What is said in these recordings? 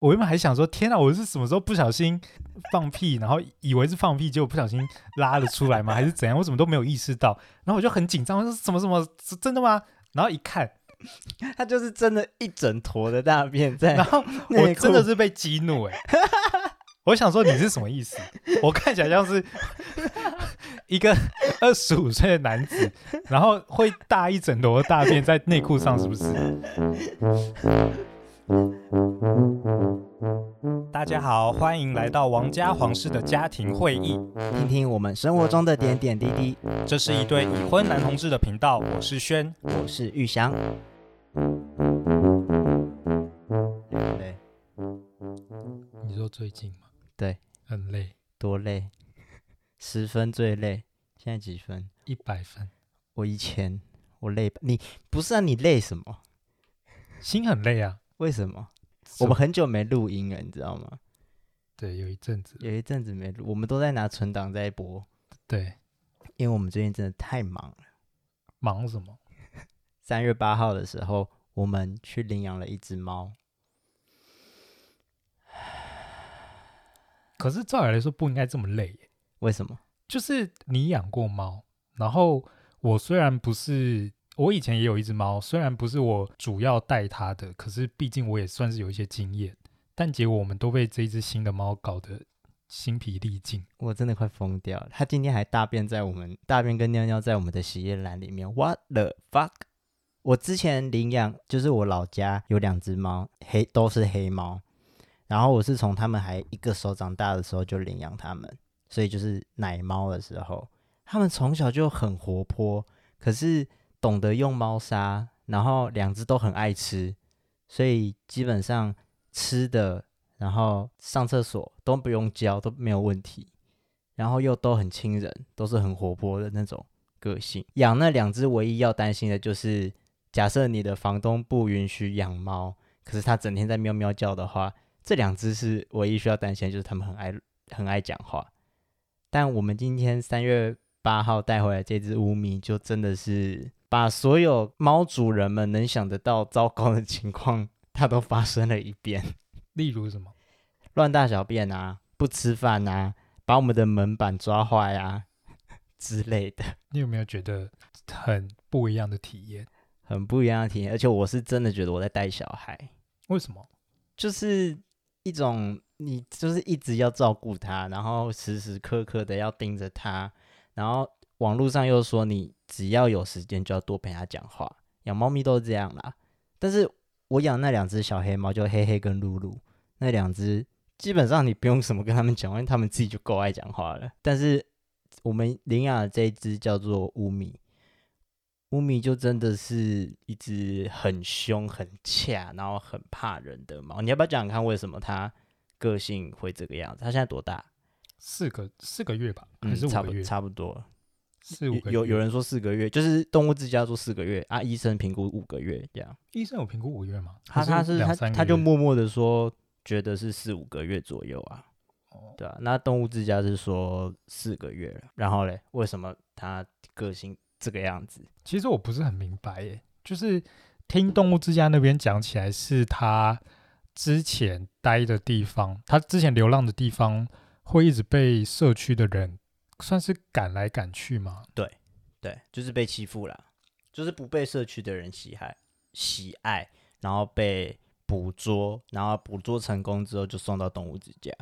我原本還想說，天啊，我是什麼時候不小心放屁，然後以為是放屁，結果不小心拉了出來嗎？還是怎樣？我怎麼都沒有意識到，然後我就很緊張，我說什麼什麼是真的嗎？然後一看，他就是真的一整坨的大便在，然後我真的是被激怒哎、欸， 我想說你是什麼意思？ 我看起來像是一個二十五歲的男子，然後會大一整坨的大便在內褲上，是不是？ 大家好，歡迎來到王家黃室的家庭會議，聽聽我們生活中的點點滴滴。這是一對已婚男同志的頻道，我是軒，我是玉祥。累，你說最近嗎？對，很累。多累？ 十分最累。現在幾分？一百分。我以前我累。你不是啊？你累什麼？ 心很累啊。為什麼？我們很久沒錄音了，你知道嗎？對，有一陣子，有一陣子沒錄，我們都在拿存檔在播。對，因為我們最近真的太忙了。忙什麼？三 月八號的時候，我們去領養了一隻貓。可是照理來說不應該這麼累耶，為什麼？就是你養過貓，然後我雖然不是。我以前也有一隻貓，雖然不是我主要帶它的，可是畢竟我也算是有一些經驗。但結果我們都被這隻新的貓搞得筋疲力盡，我真的快瘋掉了。它今天還大便在我們大便跟尿尿在我們的洗衣籃裡面。What the fuck？我之前領養就是我老家有兩隻貓，黑都是黑貓。然後我是從它們還一個手掌大的時候就領養它們，所以就是奶貓的時候，它們從小就很活潑，可是。懂得用貓砂，然後兩隻都很愛吃，所以基本上吃的，然後上廁所都不用教，都沒有問題。然後又都很親人，都是很活潑的那種個性。養那兩隻唯一要擔心的就是，假設你的房東不允許養貓，可是他整天在喵喵叫的話，這兩隻是唯一需要擔心的就是他們很愛很愛講話。但我們今天三月八號帶回來這隻捂咪就真的是。把所有貓主人們能想得到糟糕的情況，它都發生了一遍。例如什麼？亂大小便啊，不吃飯啊，把我們的門板抓壞啊之類的。你有沒有覺得很不一樣的體驗？很不一樣的體驗，而且我是真的覺得我在帶小孩。為什麼？就是一種你就是一直要照顧它，然後時時刻刻的要盯着它，然後。網絡上又說，你只要有時間就要多陪它講話。養貓咪都是這樣啦，但是我養那兩只小黑貓，就黑黑跟露露那兩只，基本上你不用什麼跟它們講，因為它們自己就夠愛講話了。但是我們領養的這只叫做捂咪，捂咪就真的是一只很凶、很恰，然後很怕人的貓。你要不要講講看，為什麼它個性會這個樣子？它現在多大？四個四個月吧，還是五個月？嗯，差不多。四五個有有人說四個月，就是動物之家說四個月啊，醫生評估五個月這樣。醫生有評估五個月嗎？可是 2, 3個月？他他是他他就默默的說，覺得是四五個月左右啊。哦，對啊，那動物之家是說四個月了，然後嘞，為什麼他個性這個樣子？其實我不是很明白耶。就是聽動物之家那邊講起來，是他之前待的地方，他之前流浪的地方，會一直被社區的人。算是趕來趕去嗎？對，對，就是被欺負了，就是不被社區的人喜愛、喜愛，然後被捕捉，然後捕捉成功之後就送到動物之家，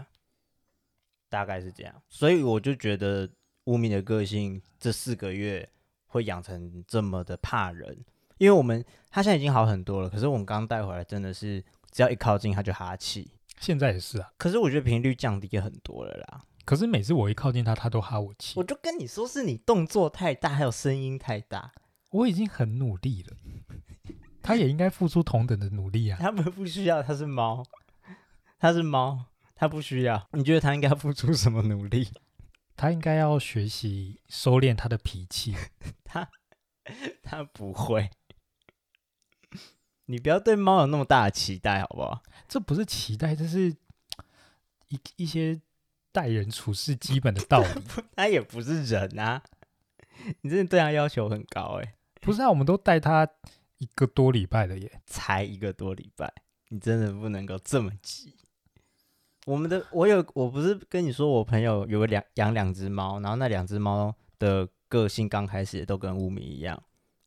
大概是這樣。所以我就覺得捂咪的個性這四個月會養成這麼的怕人，因為我們，他現在已經好很多了，可是我們剛帶回來真的是只要一靠近他就哈氣，現在也是啊。可是我覺得頻率降低很多了啦。可是每次我一靠近他，他都哈我氣。我就跟你說，是你動作太大，還有聲音太大。我已經很努力了，他也應該付出同等的努力啊。 他們不需要，他是貓，他是貓，他不需要。你覺得他應該付出什麼努力？他應該要學習收斂他的脾氣。 他他不會。 你不要對貓有那麼大的期待，好不好？這不是期待，這是一一些待人處事基本的道理， 他也不是人啊！你真的對他要求很高哎、欸，不是啊？我們都帶他一個多禮拜了耶，才一個多禮拜，你真的不能夠這麼急。我們的我有，我不是跟你說，我朋友有個兩養兩隻貓，然後那兩隻貓的個性剛開始也都跟捂咪一樣，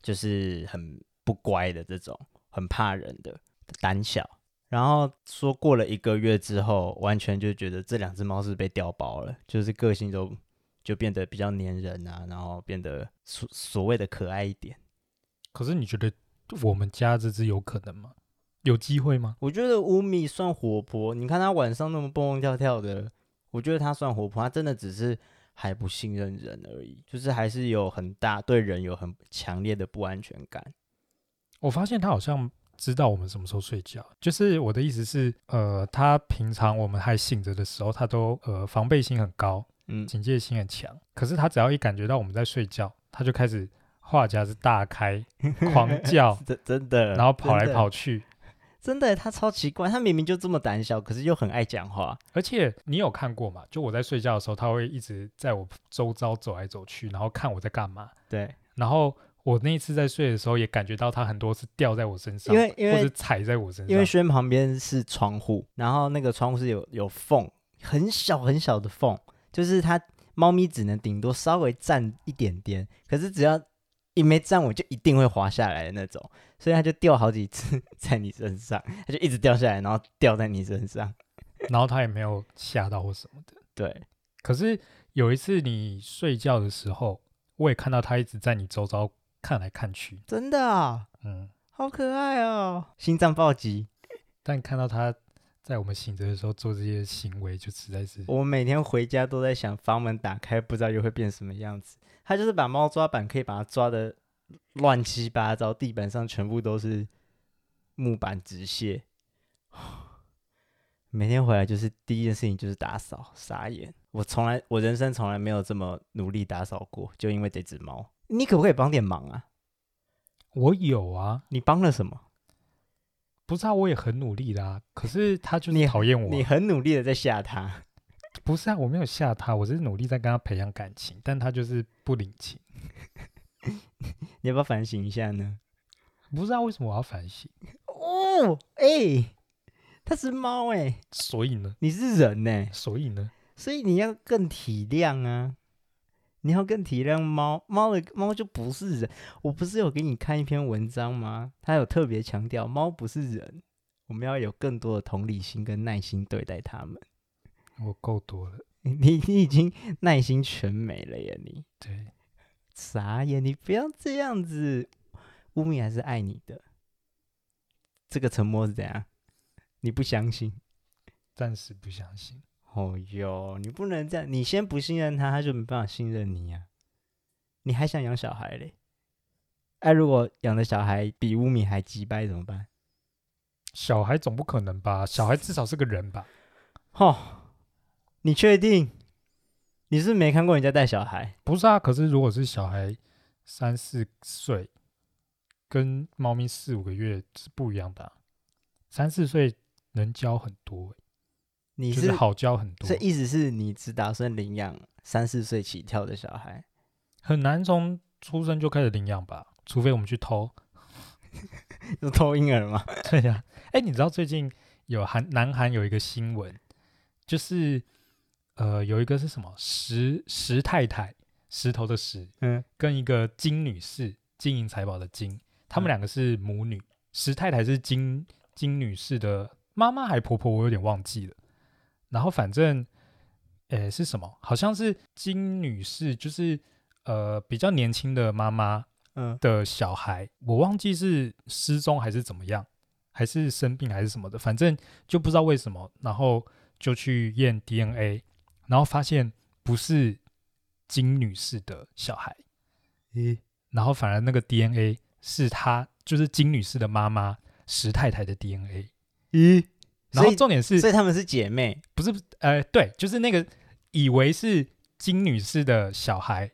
就是很不乖的這種，很怕人的，膽小。然後說過了一個月之後，完全就覺得這兩只貓是被掉包了，就是個性都就變得比較黏人啊，然後變得所所謂的可愛一點。可是你覺得我們家這只有可能嗎？有機會嗎？我覺得捂咪算活潑，你看它晚上那麼蹦蹦跳跳的，我覺得它算活潑，它真的只是還不信任人而已，就是還是有很大對人有很強烈的不安全感。我發現它好像。知道我們什麼時候睡覺，就是我的意思是，呃，他平常我們還醒着的時候，他都呃防備心很高，嗯，警戒心很強。可是他只要一感覺到我們在睡覺，他就開始話匣子大開，狂叫， 真的，然後跑來跑去，真的，真的，他超奇怪，他明明就這麼膽小，可是又很愛講話。而且你有看過嗎？就我在睡覺的時候，他會一直在我周遭走來走去，然後看我在幹嘛。對，然後。我那一次在睡的時候也感覺到它，很多次掉在我身上因，因為因為或是踩在我身上。因為軒旁邊是窗戶，然後那個窗戶是有有縫，很小很小的縫，就是它貓咪只能頂多稍微站一點點，可是只要一沒站穩就一定會滑下來的那種。所以它就掉好幾次在你身上，它就一直掉下來，然後掉在你身上。然後它也沒有嚇到我什麼的。對。可是有一次你睡覺的時候，我也看到它一直在你周遭。看來看去，真的啊、哦，嗯，好可愛哦，心臟暴擊。但看到它在我們醒着的時候做這些行為，就實在是……我每天回家都在想，房門打開，不知道又會變什麼樣子。它就是把貓抓板可以把它抓得亂七八糟，地板上全部都是木板紙屑。每天回來就是第一件事情就是打掃，傻眼！我從來我人生從來沒有這麼努力打掃過，就因為這只貓。你可不可以幫點忙啊？我有啊，你幫了什麼？不知道，我也很努力的啊。可是他就是討厭我，你很努力的在嚇他，不是啊？我沒有嚇他，我只是努力在跟他培養感情，但他就是不領情。 你要不要反省一下呢，嗯？不知道為什麼我要反省？哦，哎，欸，他是貓哎，欸欸嗯，所以呢？你是人誒，所以呢？所以你要更體諒啊。你要更體諒貓，貓的貓就不是人。我不是有給你看一篇文章嗎？他有特別強調貓不是人，我們要有更多的同理心跟耐心對待他們。我夠多了，你你已經耐心全沒了呀！你對啥呀？你不要這樣子，捂咪，還是愛你的。這個沉默是怎樣？你不相信？暫時不相信。哦喲，你不能這樣！你先不信任他，他就沒辦法信任你呀、啊。你還想養小孩嘞？哎、啊，如果養的小孩比捂咪還急掰怎麼辦？小孩總不可能吧？小孩至少是個人吧？哦，你確定？你是，是沒看過人家帶小孩？不是啊，可是如果是小孩三四歲，跟貓咪四五個月是不一樣的、啊。三四歲能教很多、欸。你是，就是好教很多，這意思是你只打算領養三四歲起跳的小孩，很難從出生就開始領養吧？除非我們去偷， 就偷嬰兒嗎？對呀、啊。哎、欸，你知道最近有韓南韓有一個新聞，就是呃，有一個是什麼石石太太石頭的石，嗯，跟一個金女士金銀財寶的金，他們兩個是母女，嗯、石太太是金金女士的媽媽還婆婆？我有點忘記了。然後反正，誒，是什麼？好像是金女士，就是呃，比較年輕的媽媽，的小孩，嗯、我忘記是失蹤還是怎麼樣，還是生病還是什麼的，反正就不知道為什麼，然後就去驗 DNA，然後發現不是金女士的小孩，咦、嗯，然後反而那個 DNA 是她，就是金女士的媽媽石太太的 DNA。咦。嗯然後重點是，所以他們是姐妹，不是？呃，對，就是那個以為是金女士的小孩，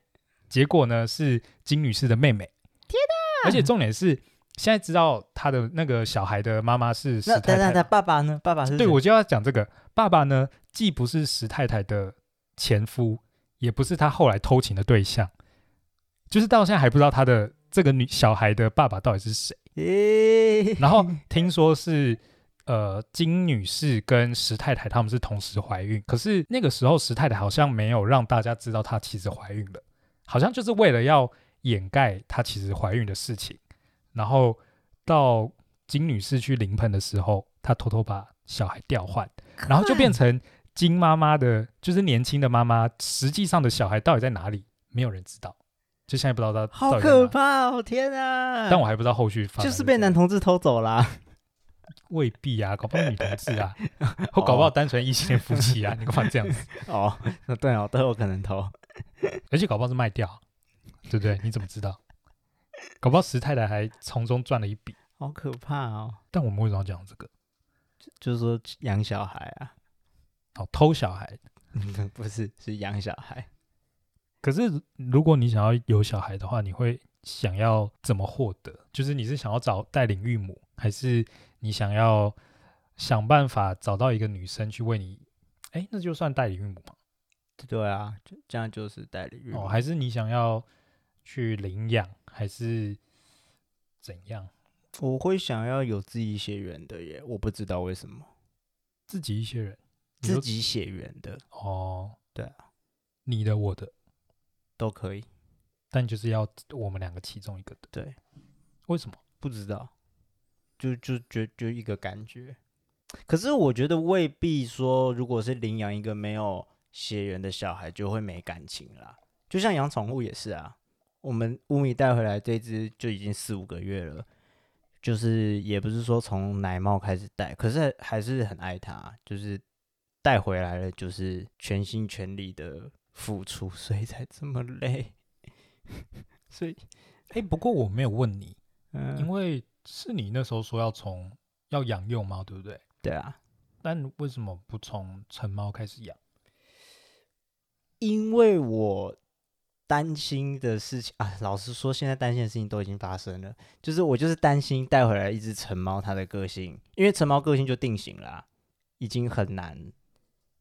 結果呢是金女士的妹妹。天哪！而且重點是，現在知道她的那個小孩的媽媽是石太太。爸爸呢？爸爸是？對，我就要講這個。爸爸呢，既不是石太太的前夫，也不是她後來偷情的對象，就是到現在還不知道她的這個女小孩的爸爸到底是誰。然後聽說是。呃，金女士跟石太太她們是同時懷孕，可是那個時候石太太好像沒有讓大家知道她其實懷孕了，好像就是為了要掩蓋她其實懷孕的事情。然後到金女士去臨盆的時候，她偷偷把小孩調換，可愛。然後就變成金媽媽的，就是年輕的媽媽，實際上的小孩到底在哪裡，沒有人知道。就現在不知道她好可怕哦，天啊，但我還不知道後續發生，就是被男同志偷走了。 未必啊，搞不好女同志啊，或搞不好單純異性戀夫妻啊，哦、你幹嘛這樣子哦，那對哦，都有可能偷，而且搞不好是賣掉，對不對？你怎麼知道？搞不好石太太還從中賺了一筆，好可怕哦！但我們為什麼要講這個？就是說養小孩啊，哦，偷小孩， 不是，是養小孩。可是如果你想要有小孩的話，你會想要怎麼獲得？就是你是想要找代理孕母，還是？你想要想辦法找到一個女生去為你，哎、欸，那就算代理孕母嗎？對啊，這樣就是代理孕母。哦，還是你想要去領養，還是怎樣？我會想要有自己血緣的耶，我不知道為什麼。自己血緣，自己血緣的哦，對啊，你的、我的都可以，但就是要我們兩個其中一個的。對，為什麼？不知道。就就就就一個感覺，可是我覺得未必說，如果是領養一個沒有血緣的小孩，就會沒感情啦。就像養寵物也是啊，我們捂咪帶回來這隻就已經四五個月了，就是也不是說從奶貓開始帶，可是還是很愛它。就是帶回來了，就是全心全力的付出，所以才這麼累。 所以，哎、欸，不過我沒有問你，嗯，因為。是你那時候說要從要養幼貓，對不對？對啊，但為什麼不從成貓開始養？因為我擔心的事情啊，老實說，現在擔心的事情都已經發生了。就是我就是擔心帶回來一隻成貓，它的個性，因為成貓個性就定型了，已經很難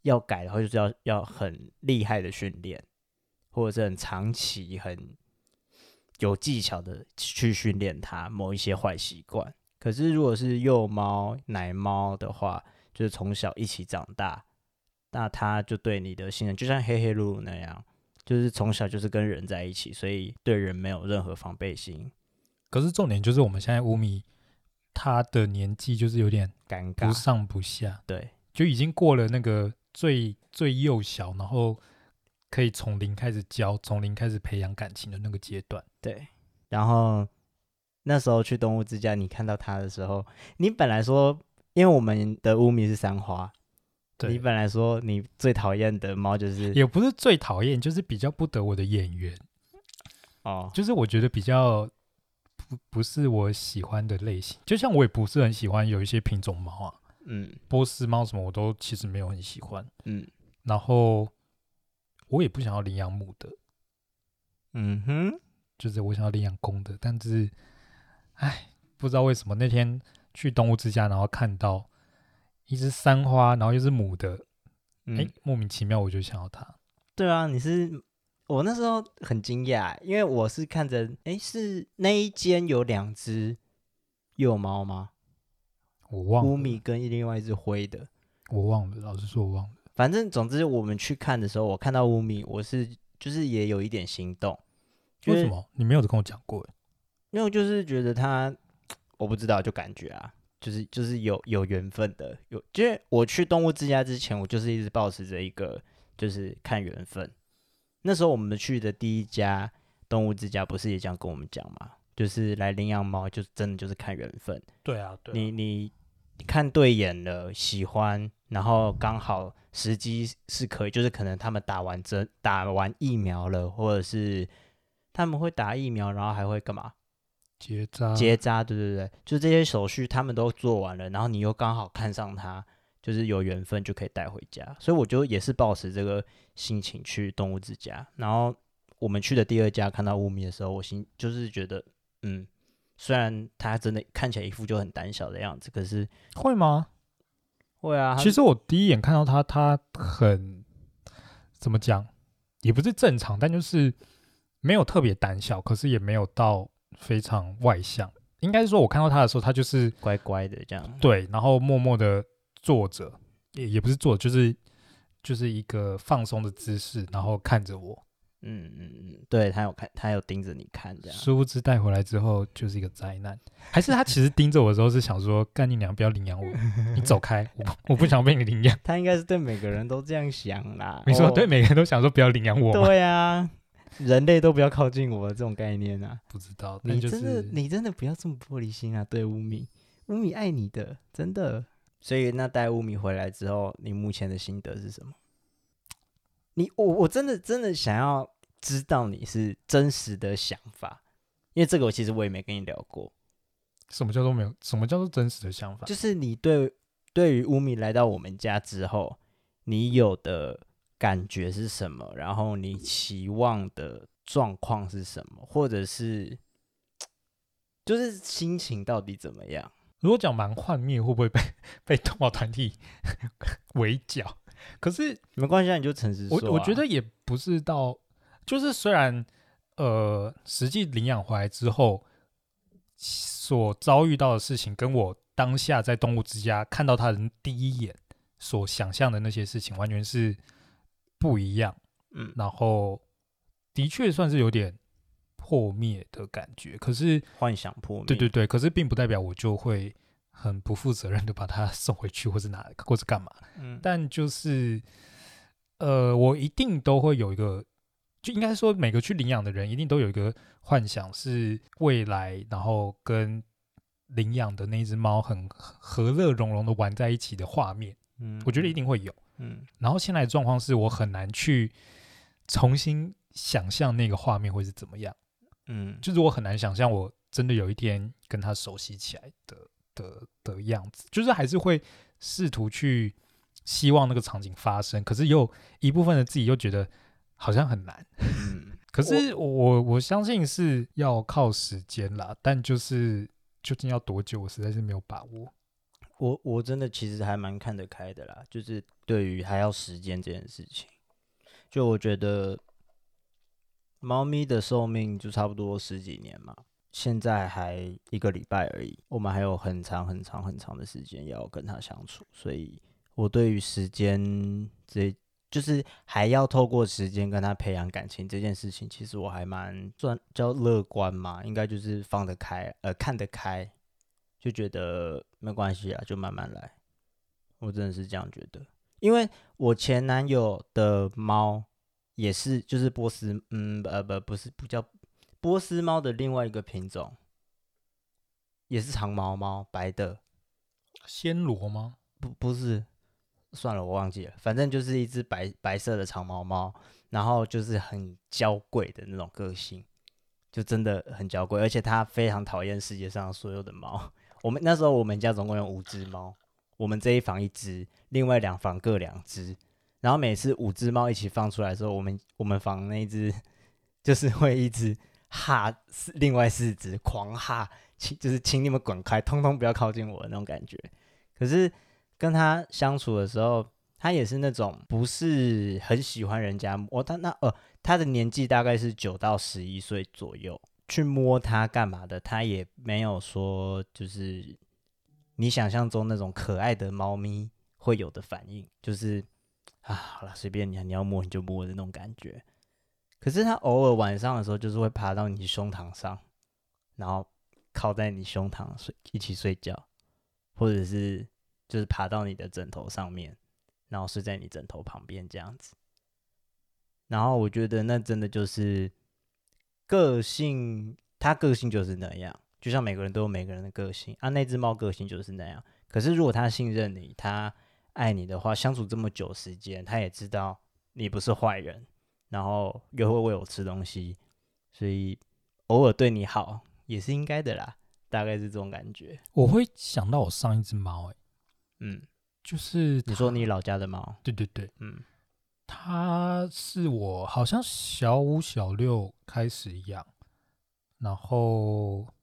要改，然後就是要要很厲害的訓練，或者是很長期很。有技巧的去訓練它某一些壞習慣，可是如果是幼貓、奶貓的話，就是從小一起長大，那它就對你的信任就像黑黑露露那樣，就是從小就是跟人在一起，所以對人沒有任何防備心。可是重點就是我們現在捂咪，它的年紀就是有點尷尬，不上不下，對，就已經過了那個最最幼小，然後。可以從零開始教，從零開始培養感情的那個階段。對，然後那時候去動物之家，你看到它的時候，你本來說，因為我們的捂咪是三花，對，你本來說你最討厭的貓就是，也不是最討厭，就是比較不得我的眼緣。哦，就是我覺得比較不，不是我喜歡的類型，就像我也不是很喜歡有一些品種貓啊，嗯，波斯貓什麼我都其實沒有很喜歡，嗯，然後。我也不想要領養母的，嗯哼，就是我想要領養公的，但是，哎，不知道為什麼那天去動物之家，然後看到一隻三花，然後又是母的，哎、嗯欸，莫名其妙我就想要它。對啊，你是我那時候很驚訝，因為我是看着，哎、欸，是那一間有兩隻幼貓嗎？我忘了，捂咪跟另外一隻灰的，我忘了，老實說，我忘了。反正總之，我們去看的時候，我看到捂咪，我是就是也有一點心動。為什麼？你沒有跟我講過？因為我就是覺得他，我不知道，就感覺啊，就是就是有有緣分的。有，因為我去動物之家之前，我就是一直抱持着一個，就是看緣分。那時候我們去的第一家動物之家，不是也這樣跟我們講嘛，就是來領養貓，就是真的就是看緣分。對啊，對啊，對啊，你你看對眼了，喜歡。然後剛好時機是可以，就是可能他們打完針、打完疫苗了，或者是他們會打疫苗，然後還會幹嘛？結紮？結紮？對對對，就這些手續他們都做完了，然後你又剛好看上他，就是有緣分就可以帶回家。所以我就也是抱持這個心情去動物之家。然後我們去的第二家看到捂咪的時候，我心就是覺得，嗯，雖然他真的看起來一副就很膽小的樣子，可是會嗎？會啊，其實我第一眼看到他，他很怎麼講，也不是正常，但就是沒有特別膽小，可是也沒有到非常外向。應該是說，我看到他的時候，他就是乖乖的這樣。對，然後默默的坐着，也也不是坐着，就是就是一個放鬆的姿勢，然後看着我。嗯嗯嗯，對，他有看，他有盯着你看，這樣，殊不知帶回來之後就是一個災難。還是他其實盯着我的時候是想說， 幹你娘，不要領養我， 你走開，我，我不想被你領養。他應該是對每個人都這樣想啦。 你說對每個人都想說不要領養我嗎？哦，、對啊，人類都不要靠近我這種概念啊， 不知道。就是、你真的，你真的不要這麼玻璃心啊！對，捂咪，捂咪愛你的，真的。所以那帶捂咪回來之後，你目前的心得是什麼？你我我真的真的想要。知道你是真實的想法，因為這個我其實我也沒跟你聊過。什麼叫做沒有？什麼叫做真實的想法？就是你對對於捂咪來到我們家之後，你有的感覺是什麼？然後你期望的狀況是什麼？或者是就是心情到底怎麼樣？如果講蠻幻滅，會不會被被動保團體圍剿？可是沒關係，你就誠實說啊，我。我覺得也不是到。就是雖然，呃，實際領養回來之後所遭遇到的事情，跟我當下在動物之家看到它的第一眼所想象的那些事情，完全是不一樣。嗯，然後的確算是有點破滅的感覺。可是幻想破滅，對對對。可是並不代表我就會很不負責任的把它送回去，或是拿，或是幹嘛。嗯，但就是，呃，我一定都會有一個。就應該說，每個去領養的人一定都有一個幻想，是未來，然後跟領養的那隻貓很和樂融融的玩在一起的畫面。嗯，我覺得一定會有。嗯，然後現在的狀況是我很難去重新想象那個畫面會是怎麼樣。嗯，就是我很難想象我真的有一天跟他熟悉起來的的的的樣子，就是還是會試圖去希望那個場景發生，可是又一部分的自己又覺得。好像很難，嗯，可是我我，我相信是要靠時間啦，但就是究竟要多久，我實在是沒有把握。我我真的其實還蠻看得開的啦，就是對於還要時間這件事情，就我覺得貓咪的壽命就差不多十幾年嘛，現在還一個禮拜而已，我們還有很長很長很長的時間要跟它相處，所以我對於時間這。就是還要透過時間跟他培養感情這件事情，其實我還蠻賺，較樂觀嘛，應該就是放得開，呃，看得開，就覺得沒關係啊，就慢慢來。我真的是這樣覺得，因為我前男友的貓也是，就是波斯，嗯，呃，不，不是不叫波斯貓的另外一個品種，也是長毛貓，白的，暹羅嗎？不，不是。算了，我忘記了。反正就是一只白白色的長毛貓，然後就是很嬌貴的那種個性，就真的很嬌貴。而且它非常討厭世界上所有的貓。我們那時候我們家總共有五只貓，我們這一房一只，另外兩房各兩只。然後每次五只貓一起放出來的時候，我們我們房那一只就是會一直哈，另外四只狂哈，請就是請你們滾開，通通不要靠近我的那種感覺。可是。跟他相處的時候，他也是那種不是很喜歡人家摸，哦，他那呃，他的年紀大概是九到十一歲左右，去摸他幹嘛的，他也沒有說就是你想象中那種可愛的貓咪會有的反應，就是啊，好了，隨便你，你要摸你就摸的那種感覺。可是他偶爾晚上的時候，就是會爬到你胸膛上，然後靠在你胸膛睡，一起睡覺，或者是。就是爬到你的枕頭上面，然後睡在你枕頭旁邊這樣子。然後我覺得那真的就是個性，他個性就是那樣。就像每個人都有每個人的個性啊，那隻貓個性就是那樣。可是如果它信任你，它愛你的話，相處這麼久時間，它也知道你不是壞人，然後又會餵我吃東西，所以偶爾對你好也是應該的啦。大概是這種感覺。我會想到我上一隻貓欸。嗯，就是你說你老家的貓，對對對，嗯，它是我好像小五小六開始養，然後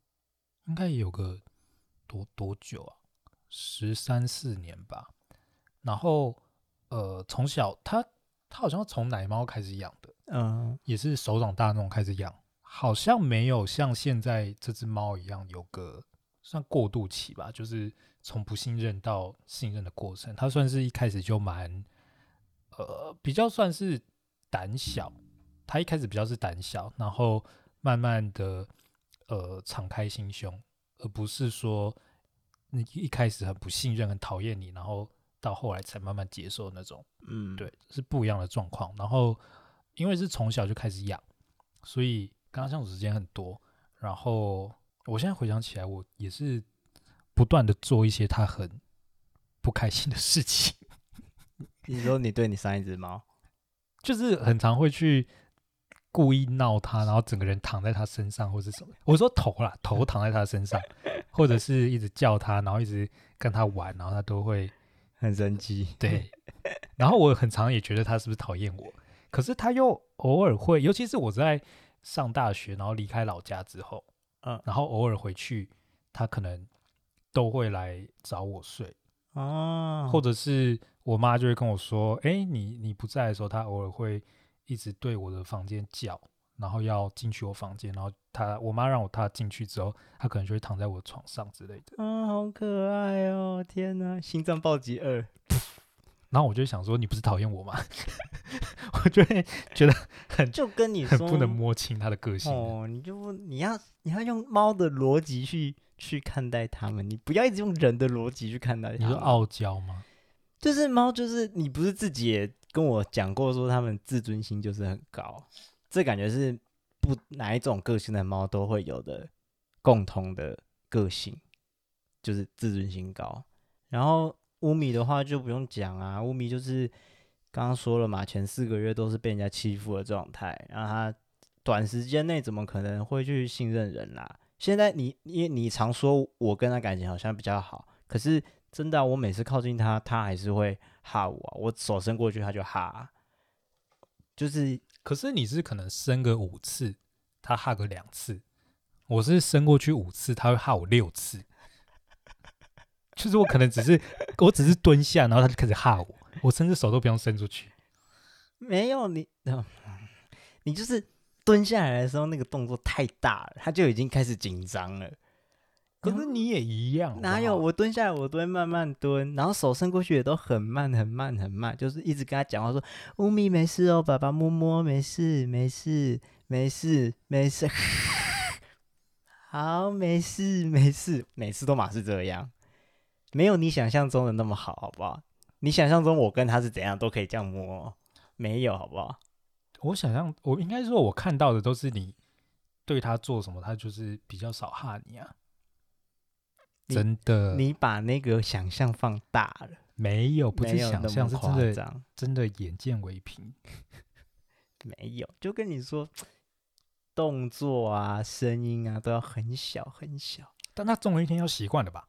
應該有個多多久啊，十三四年吧。然後呃，從小它它好像從奶貓開始養的，嗯，也是手掌大那種開始養，好像沒有像現在這隻貓一樣有個。算過渡期吧，就是從不信任到信任的過程。他算是一開始就蠻，呃，比較算是膽小。他一開始比較是膽小，然後慢慢的，呃，敞開心胸，而不是說你一開始很不信任、很討厭你，然後到後來才慢慢接受那種。嗯，對，是不一樣的狀況。然後因為是從小就開始養，所以跟他相處時間很多，然後。我現在回想起來，我也是不斷的做一些它很不開心的事情。你說你對你上一隻貓， 就是很常會去故意鬧它，然後整個人躺在它身上或者什麼。我說頭啦，頭躺在它身上， 或者是一直叫它，然後一直跟它玩，然後它都會很生氣。對，然後我很常也覺得它是不是討厭我，可是它又偶爾會，尤其是我在上大學，然後離開老家之後。嗯，然後偶爾回去，他可能都會來找我睡哦，啊、或者是我媽就會跟我說，誒，你你不在的時候，他偶爾會一直對我的房間叫，然後要進去我房間，然後他我媽讓我他進去之後，他可能就會躺在我的床上之類的。啊，好可愛哦！天哪，心臟暴擊二。 然後我就想說，你不是討厭我嗎？ 我就會覺得很 就跟你說不能摸清它的個性哦。你就你要你要用貓的邏輯去去看待它們，你不要一直用人的邏輯去看待它們。你說傲嬌嗎？就是貓，就是你不是自己也跟我講過說，它們自尊心就是很高。這感覺是不哪一種個性的貓都會有的共同的個性，就是自尊心高。然後。捂咪的話就不用講啊，捂咪就是剛剛說了嘛，前四個月都是被人家欺負的狀態，然後他短時間內怎麼可能會去信任人啦、啊？現在你，因為你常說我跟他感情好像比較好，可是真的、啊，我每次靠近他，他還是會哈我、啊。我手伸過去，他就哈、啊。就是，可是你是可能伸個五次，他哈個兩次；我是伸過去五次，他會哈我六次。就是我可能只是， 我只是蹲下，然後他就開始嚇我，我甚至手都不用伸出去。沒有你、嗯，你就是蹲下來的時候，那個動作太大了，他就已經開始緊張了。可是你也一樣，嗯、好好，哪有我蹲下來，我都會慢慢蹲，然後手伸過去也都很慢、很慢、很慢，就是一直跟他講話說：“捂咪沒事哦，爸爸摸摸，沒事、沒事、沒事、沒事，沒事 好，沒事，沒事、沒事，每次都嘛是這樣。”沒有你想象中的那麼好，好不好？你想象中我跟他是怎樣都可以這樣摸，沒有，好不好？我想象，我應該說，我看到的都是你對他做什麼，他就是比較少哈你啊，你真的。你把那個想象放大了，沒有，不是想象，是真的，真的眼見為憑。 沒有，就跟你說，動作啊，聲音啊，都要很小很小。但他總有一天要習慣的吧。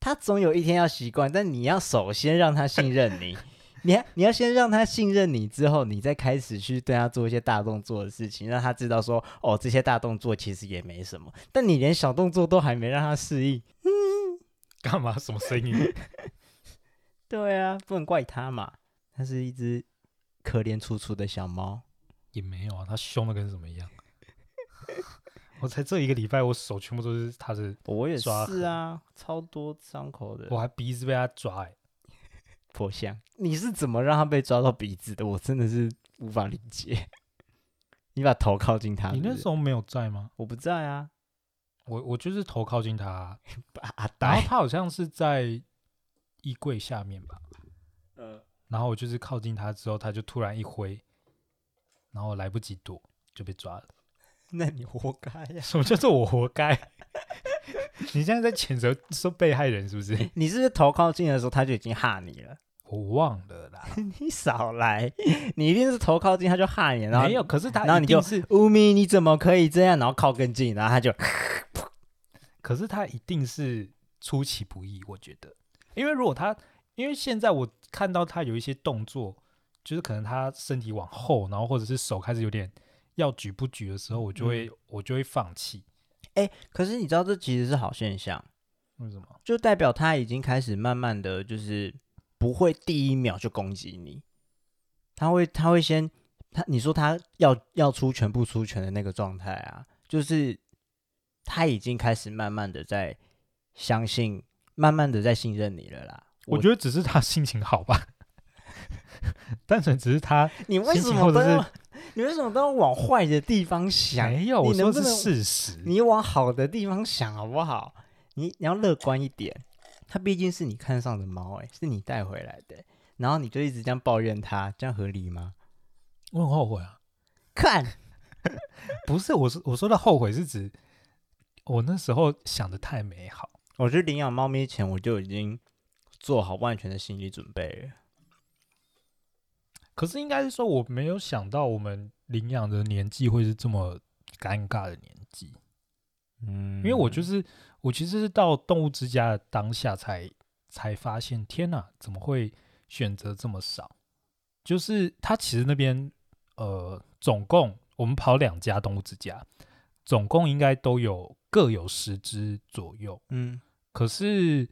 他總有一天要習慣，但你要首先讓他信任你， 你要你要先讓他信任你之後，你再開始去對他做一些大動作的事情，讓他知道說，哦，這些大動作其實也沒什麼。但你連小動作都還沒讓他適應，嗯，幹嘛？什麼聲音？ 對啊，不能怪他嘛，他是一隻可憐楚楚的小貓。也沒有啊，他凶的跟什麼一樣。 我才這一個禮拜，我手全部都是他的抓。我也是啊，超多傷口的。我還鼻子被他抓哎，破相。你是怎麼讓他被抓到鼻子的？我真的是無法理解。你把頭靠近他是不是，你那時候沒有在嗎？我不在啊，我我就是頭靠近他，然後 把阿達他好像是在衣櫃下面吧，呃，然後我就是靠近他之後，他就突然一揮，然後來不及躲就被抓了。那你活該呀！什麼叫做我活該？ 你現在在譴責說被害人是不是？你是不是頭靠近的時候他就已經嚇你了？我忘了啦！ 你少來！你一定是頭靠近他就嚇你了。沒有？可是他是，然後你就是捂咪，你怎麼可以這樣？然後靠更近，然後他就……可是他一定是出其不意，我覺得。因為如果他，因為現在我看到他有一些動作，就是可能他身體往後，然後或者是手開始有點。要舉不舉的時候，我就會、嗯、我就會放棄。欸，可是你知道，這其實是好現象。為什麼？就代表他已經開始慢慢的，就是不會第一秒就攻擊你。他會，他會先，他你說他要要出拳不出拳的那個狀態啊，就是他已經開始慢慢的在相信，慢慢的在信任你了啦。我覺得只是他心情好吧。 單純只是他，你為什麼都要 你為什麼都要往壞的地方想？沒有，你能不能我說是事實。你往好的地方想好不好？你你要樂觀一點。他畢竟是你看上的貓，欸，誒，是你帶回來的，欸，然後你就一直這樣抱怨他，這樣合理嗎？我很後悔啊。看， 不是我說我說的後悔是指我那時候想得太美好。我覺得領養貓咪前，我就已經做好萬全的心理準備了。可是應該是說，我沒有想到我們領養的年紀會是這麼尷尬的年紀，嗯，因為我就是我其實是到動物之家的當下才才發現，天啊，怎麼會選擇這麼少？就是它其實那邊呃，總共我們跑兩家動物之家，總共應該都有各有十隻左右，嗯，可是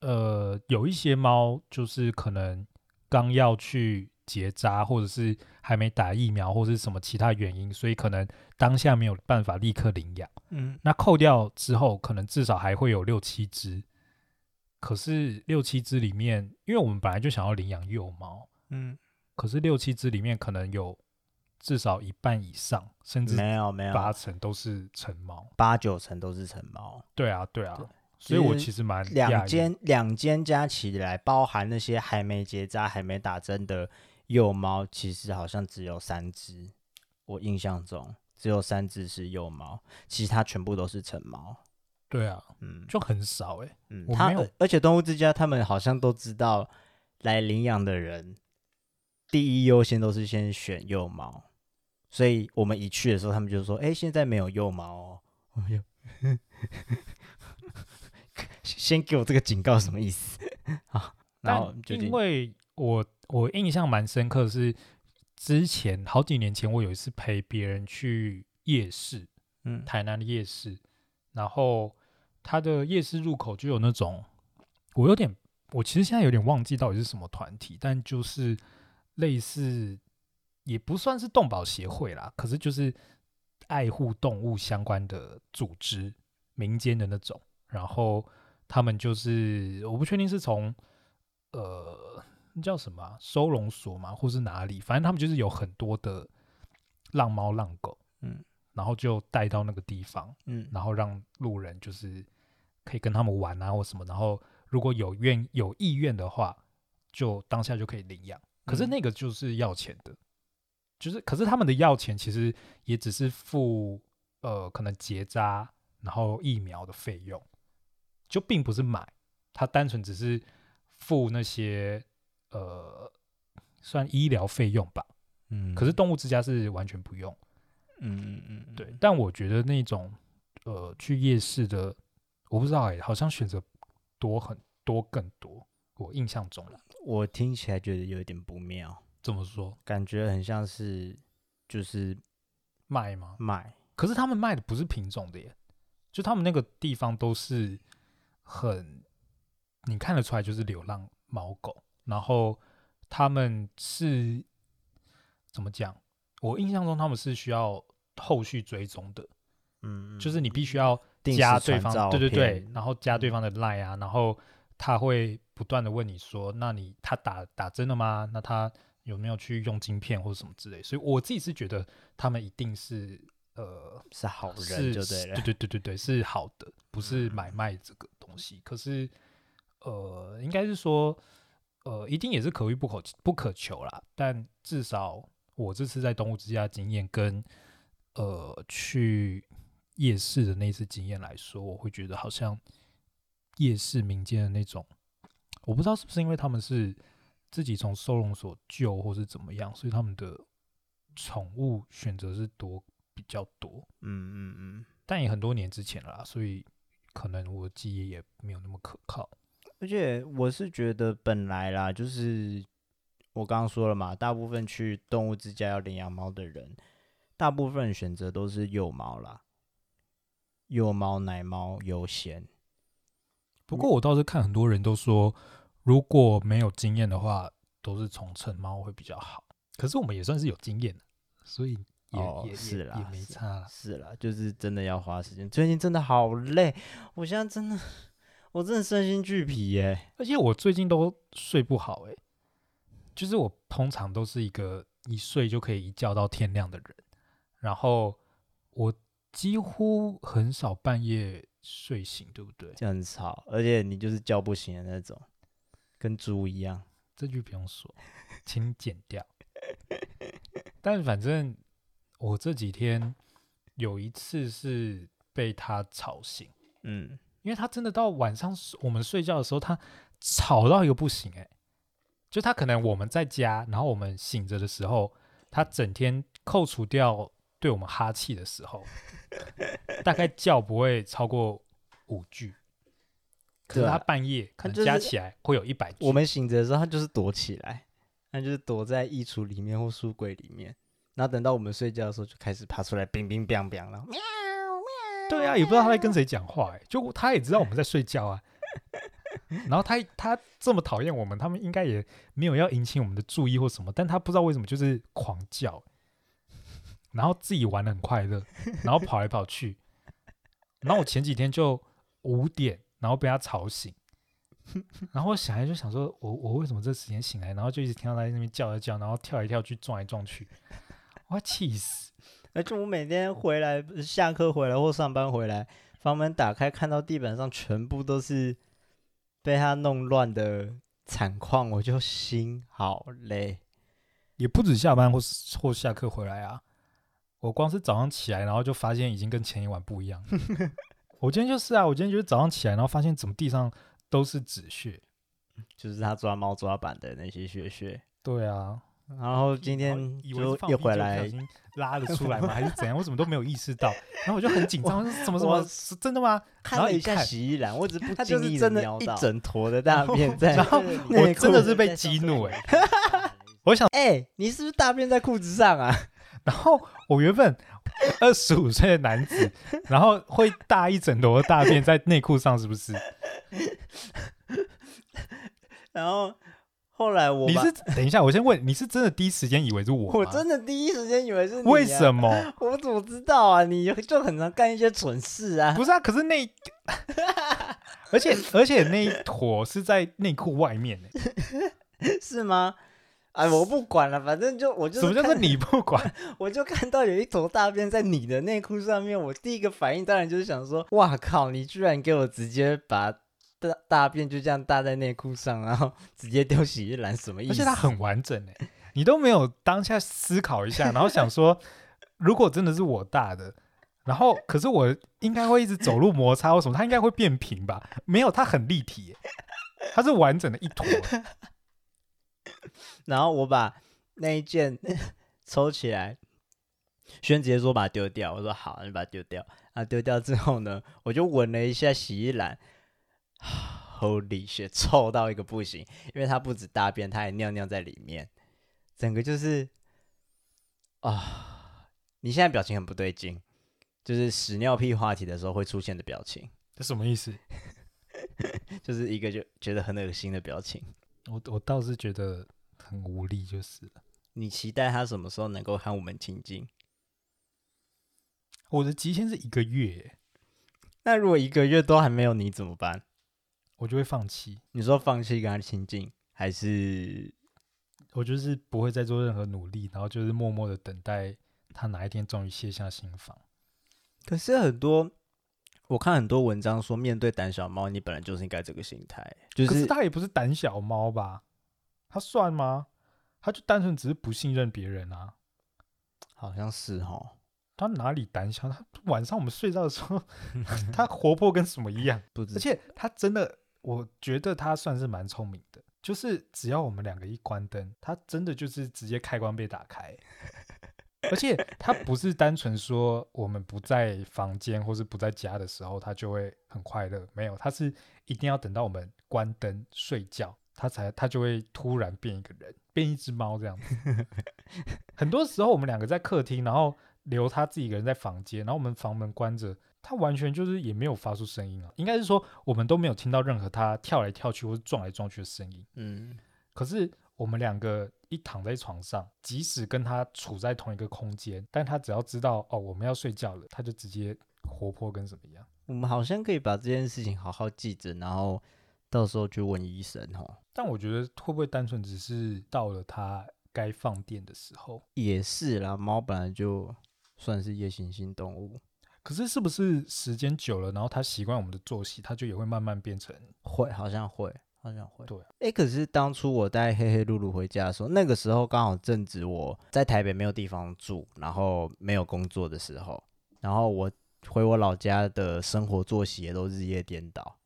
呃，有一些貓就是可能剛要去。結扎，或者是還沒打疫苗，或者是什麼其他原因，所以可能當下沒有辦法立刻領養。嗯，那扣掉之後，可能至少還會有六七隻。可是六七隻裡面，因為我們本來就想要領養幼貓，嗯，可是六七隻裡面可能有至少一半以上，甚至沒有沒有八成都是成貓，八九成都是成貓。對啊，對啊，對所以我其實蠻兩間兩間加起來，包含那些還沒結扎、還沒打針的。幼貓其實好像只有三隻，我印象中只有三隻是幼貓，其他全部都是成貓。對啊，嗯，就很少欸。嗯，他們而且動物之家他們好像都知道來領養的人，第一優先都是先選幼貓，所以我們一去的時候，他們就說：“欸，現在沒有幼貓哦。”我就， 先給我這個警告什麼意思啊？好，但然後因為我。我印象蠻深刻的是，之前好幾年前，我有一次陪別人去夜市，嗯，台南的夜市，然後它的夜市入口就有那種，我有點，我其實現在有點忘記到底是什麼團體，但就是類似，也不算是動保協會啦，可是就是愛護動物相關的組織，民間的那種，然後他們就是，我不確定是從，呃。那叫什麼、啊、收容所嗎？或是哪裡？反正他們就是有很多的浪貓浪狗，嗯，然後就帶到那個地方，嗯，然後讓路人就是可以跟他們玩啊，或什麼，然後如果有願有意願的話，就當下就可以領養。可是那個就是要錢的，嗯、就是，可是他們的要錢其實也只是付，呃，可能結紮，然後疫苗的費用，就並不是買，他單純只是付那些。呃，算醫療費用吧，嗯，可是動物之家是完全不用，嗯嗯嗯，嗯對。但我覺得那種，呃，去夜市的，我不知道哎、欸，好像選擇多很多，更多。我印象中了，我聽起來覺得有點不妙。怎麼說？感覺很像是就是賣，賣嗎？賣。可是他們賣的不是品種的耶，就他們那個地方都是很，你看得出來就是流浪貓狗。然後他們是怎麼講？我印象中他們是需要後續追蹤的，嗯，就是你必須要加對方，對對對，然後加對方的賴啊，嗯、然後他會不斷的問你說，那你他打打針了嗎？那他有沒有去用晶片或者什麼之類？所以我自己是覺得他們一定是呃是好人就對了，是，對對對對對，是好的，不是買賣這個東西。嗯、可是呃，應該是說。呃，一定也是可遇不可不可求啦。但至少我這次在動物之家經驗跟呃去夜市的那次經驗來說，我會覺得好像夜市民間的那種，我不知道是不是因為他們是自己從收容所救或是怎麼樣，所以他們的寵物選擇是多比較多。嗯嗯嗯。但也很多年之前了啦，所以可能我記憶也沒有那麼可靠。而且我是覺得本來啦，就是我剛剛說了嘛，大部分去動物之家要領養貓的人，大部分選擇都是幼貓啦，幼貓奶貓優先。不過我倒是看很多人都說，如果沒有經驗的話，都是從成貓會比較好。可是我們也算是有經驗，所以也、哦、也，也是啦，也沒差啦，是，是啦，就是真的要花時間。最近真的好累，我現在真的。我真的身心俱疲耶、欸，而且我最近都睡不好哎、欸，就是我通常都是一個一睡就可以一覺到天亮的人，然後我幾乎很少半夜睡醒，對不對？這樣很吵，而且你就是叫不醒的那種，跟豬一樣。這句不用說，請你剪掉。 但反正我這幾天有一次是被他吵醒，嗯。因為他真的到晚上我們睡覺的時候，他吵到一個不行哎、欸！就他可能我們在家，然後我們醒着的時候，他整天扣除掉對我們哈氣的時候， 大概叫不會超過五句。可是他半夜可能加起來會有一百句。啊、我們醒着的時候，他就是躲起來，他就是躲，就是躲，就是躲在衣櫥裡面或書櫃裡面，然後等到我們睡覺的時候就開始爬出來，冰冰冰冰了。對啊，也不知道他在跟誰講話，就他也知道我們在睡覺啊。然後他他這麼討厭我們，他們應該也沒有要引起我們的注意或什麼，但他不知道為什麼就是狂叫，然後自己玩得很快樂，然後跑來跑去。然後我前幾天就五點，然後被他吵醒，然後醒來就想說，我我為什麼這時間醒來？然後就一直聽到他在那邊叫一叫，然後跳來跳去，撞來撞去，我要氣死。而且我每天回來，下課回來或上班回來，房門打開，看到地板上全部都是被他弄亂的慘況，我就心好累。也不止下班或、或下課回來啊，我光是早上起來，然後就發現已經跟前一晚不一樣。 我今天就是啊，我今天就是早上起來，然後發現怎麼地上都是紙屑，就是他抓貓抓板的那些屑屑。對啊。然後今天又又回來，放回來拉了出來嗎？還是怎樣？我怎麼都沒有意識到。然後我就很緊張，我什麼什麼我是真的嗎？然後一下洗衣籃，然後一看，它就是真的，一整坨的大便在。然後我真的是被激怒哎、欸！ 我想，哎、欸，你是不是大便在褲子上啊？然後我原本二十五歲的男子，然後會大一整坨的大便在內褲上，是不是？ 然後。後來我你是等一下，我先問你是真的第一時間以為是我， 我真的第一時間以為是你、啊、為什麼？我怎麼知道啊？你就很常幹一些蠢事啊？不是啊，可是那， 而且而且那一坨是在內褲外面， 是嗎？哎，我不管了，反正就我就什麼叫做你不管？ 我就看到有一坨大便在你的內褲上面，我第一個反應當然就是想說，哇靠，你居然給我直接把。大大便就這樣搭在內褲上，然後直接丟洗衣籃，什麼意思？而且它很完整哎，你都沒有當下思考一下，然後想說， 如果真的是我大的，然後可是我應該會一直走路摩擦或什麼，它應該會變平吧？沒有，它很立體，它是完整的，一坨。 然後我把那一件抽起來，軒直接說把它丟掉，我說好，你把它丟掉。啊，丟掉之後呢，我就聞了一下洗衣籃。Holy shit，臭到一個不行，因為他不止大便，他還尿尿在裡面，整個就是啊、哦！你現在表情很不對勁，就是屎尿屁話題的時候會出現的表情。這什麼意思？ 就是一個就覺得很噁心的表情。我我倒是覺得很無力，就是了。你期待他什麼時候能夠和我們親近？我的極限是一個月，那如果一個月都還沒有，你怎麼辦？我就會放棄。你說放棄跟他親近，還是我就是不會再做任何努力，然後就是默默的等待他哪一天終於卸下心房。可是很多，我看很多文章說，面對膽小貓，你本來就是應該這個心態。就是、可是他也不是膽小貓吧？他算嗎？他就單純只是不信任別人啊？好像是哦，他哪裡膽小？他晚上我們睡覺的時候， 他活潑跟什麼一樣？不知道而且他真的。我覺得他算是蠻聰明的，就是只要我們兩個一關燈，他真的就是直接開關被打開，而且他不是單純說我們不在房間或是不在家的時候，他就會很快樂，沒有，他是一定要等到我們關燈睡覺，他才他就會突然變一個人，變一隻貓這樣子。很多時候我們兩個在客廳，然後留他自己一個人在房間，然後我們房門關着。它完全就是也沒有發出聲音啊，應該是說我們都沒有聽到任何它跳來跳去或是撞來撞去的聲音。嗯，可是我們兩個一躺在床上，即使跟它處在同一個空間，但它只要知道哦，我們要睡覺了，它就直接活潑跟怎麼樣。我們好像可以把這件事情好好記着，然後到時候去問醫生哦。但我覺得會不會單純只是到了它該放電的時候？也是啦，貓本來就算是夜行性動物。可是，是不是時間久了，然後他習慣我們的作息，他就也會慢慢變成會，好像會，好像會。對、啊，哎、欸，可是當初我帶黑黑露露回家的時候，那個時候剛好正值我在台北沒有地方住，然後沒有工作的時候，然後我回我老家的生活作息也都日夜顛倒。